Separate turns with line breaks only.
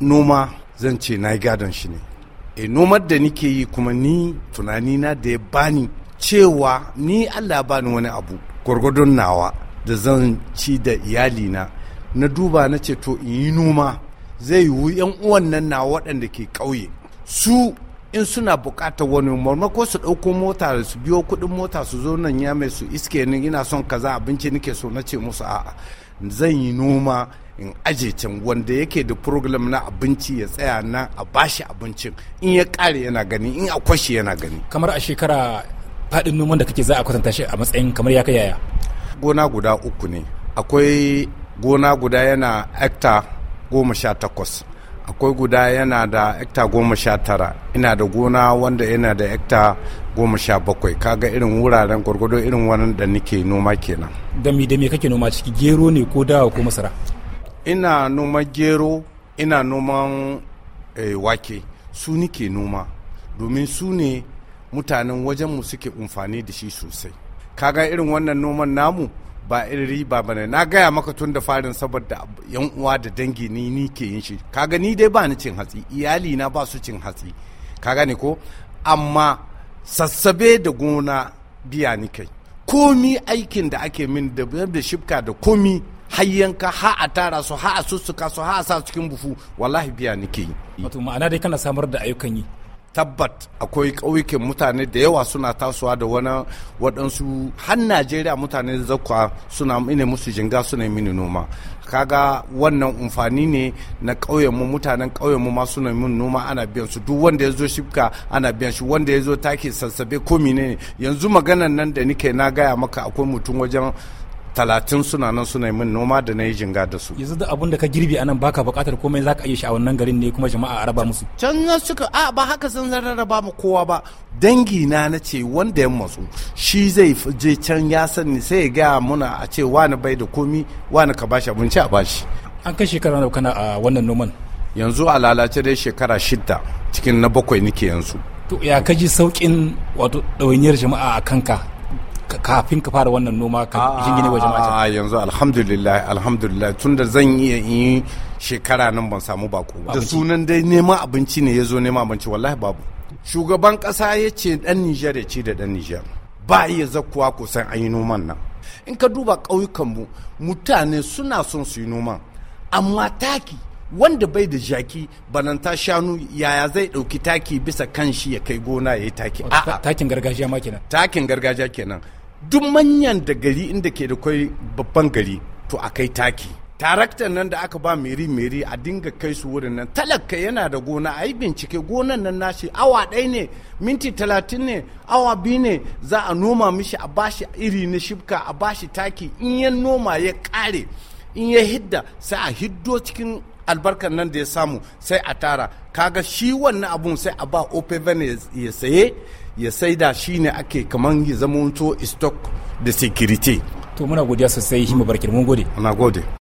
noma zan ce na gadon shi ne e nomar da nike yi kuma ni tunani na da ya bani cewa ni allah bani wani abu gwargwadon nawa da zan ci da iyalina na duba na ce to in yi noma zai yi yan uwan nan na waɗanda ke ƙauye su in suna bukatar wani marmako su ɗauko mota su biyo kuɗin mota su zo nan ya mai su iske ni ina son kaza abinci nake so na ce musu a'a zan yi noma in aje can wanda yake da program na abinci ya tsaya nan a bashi abincin in ya ƙare yana gani in a kwashe yana gani
kamar a shekara faɗin noman da kake za a kwatanta shi a matsayin kamar ya yaya gona guda
uku ne akwai gona guda yana hectare goma sha takwas akwai guda yana da hekta goma sha tara ina da gona wanda yana da hekta goma sha bakwai kaga irin wuraren gwargwado irin wannan da nike noma kenan
da me da me kake noma ciki gero ne ko dawa ko masara ina
noma gero ina noman eh, wake su nike noma domin su ne mutanen wajenmu suke amfani da shi sosai kaga irin wannan noman namu ba iri ba ne na gaya maka tun da farin saboda yan uwa da dangi ni ni ke yin shi kaga ni dai ba ni cin hatsi iyali na ba su cin hatsi kaga ne ko amma sassabe da gona biya ni kai komi aikin da ake min da da shifka da komi hayyanka ha a tara su ha a sussuka su ha a sa cikin bufu wallahi biya ke yi wato ma'ana dai kana samar da ayyukan yi tabbat akwai ƙauyukan mutane da yawa suna tasowa da wani waɗansu har najeriya mutane da zakwa suna mini musu jinga suna mini noma kaga wannan amfani ne na ƙauyenmu mutanen ƙauyenmu ma suna min noma ana biyan su duk wanda ya zo shifka ana biyan shi wanda ya zo take sassabe ko mine ne yanzu maganan nan da nike na gaya maka akwai mutum wajen talatin suna nan suna min noma da na yi jinga da su
yanzu da abun da ka girbi anan baka bukatar komai zaka iya shi
a garin ne kuma jama'a a raba musu can na suka a ba haka san zan raba mu kowa ba dangi na na ce wanda ya matsu shi zai je can ya sani sai ya gaya muna a ce wani bai da komi wani ka bashi abinci a bashi
an kai shekara nawa
kana a wannan noman yanzu a lalace dai shekara shida cikin na bakwai nake yanzu
to ya kaji saukin wato ɗawainiyar jama'a a kanka kafin ka fara wannan noma ka jingine wa jama'a
yanzu alhamdulillah alhamdulillah tunda zan iya yi shekara nan ban samu bako ba da sunan dai neman abinci ne ya zo neman abinci wallahi babu shugaban kasa ya ce dan Nijar ya ce da dan Nijar ba iya zakkuwa kusan an yi noman nan in ka duba ƙauyukanmu mutane suna son su yi noman amma taki wanda bai da jaki bananta shanu yaya zai ɗauki taki bisa kan shi ya kai gona ya yi taki takin gargajiya ma kenan takin gargajiya kenan duk manyan da gari inda ke da kwai babban gari to a kai taki taraktan nan da aka ba meri meri a dinga kai su wurin nan talaka yana da gona a yi bincike gonan nan nashi awa ɗaya ne minti talatin ne awa biyu ne za a noma mishi a bashi iri na shibka a bashi taki in ya noma ya ƙare in ya hidda sai a hiddo cikin albarkar nan da ya samu sai a tara kaga shi wannan abun sai a ba opevene ya saye ya saida shi ne ake kaman ya zama stock da security
to muna godiya sosai shi barkir mun gode gode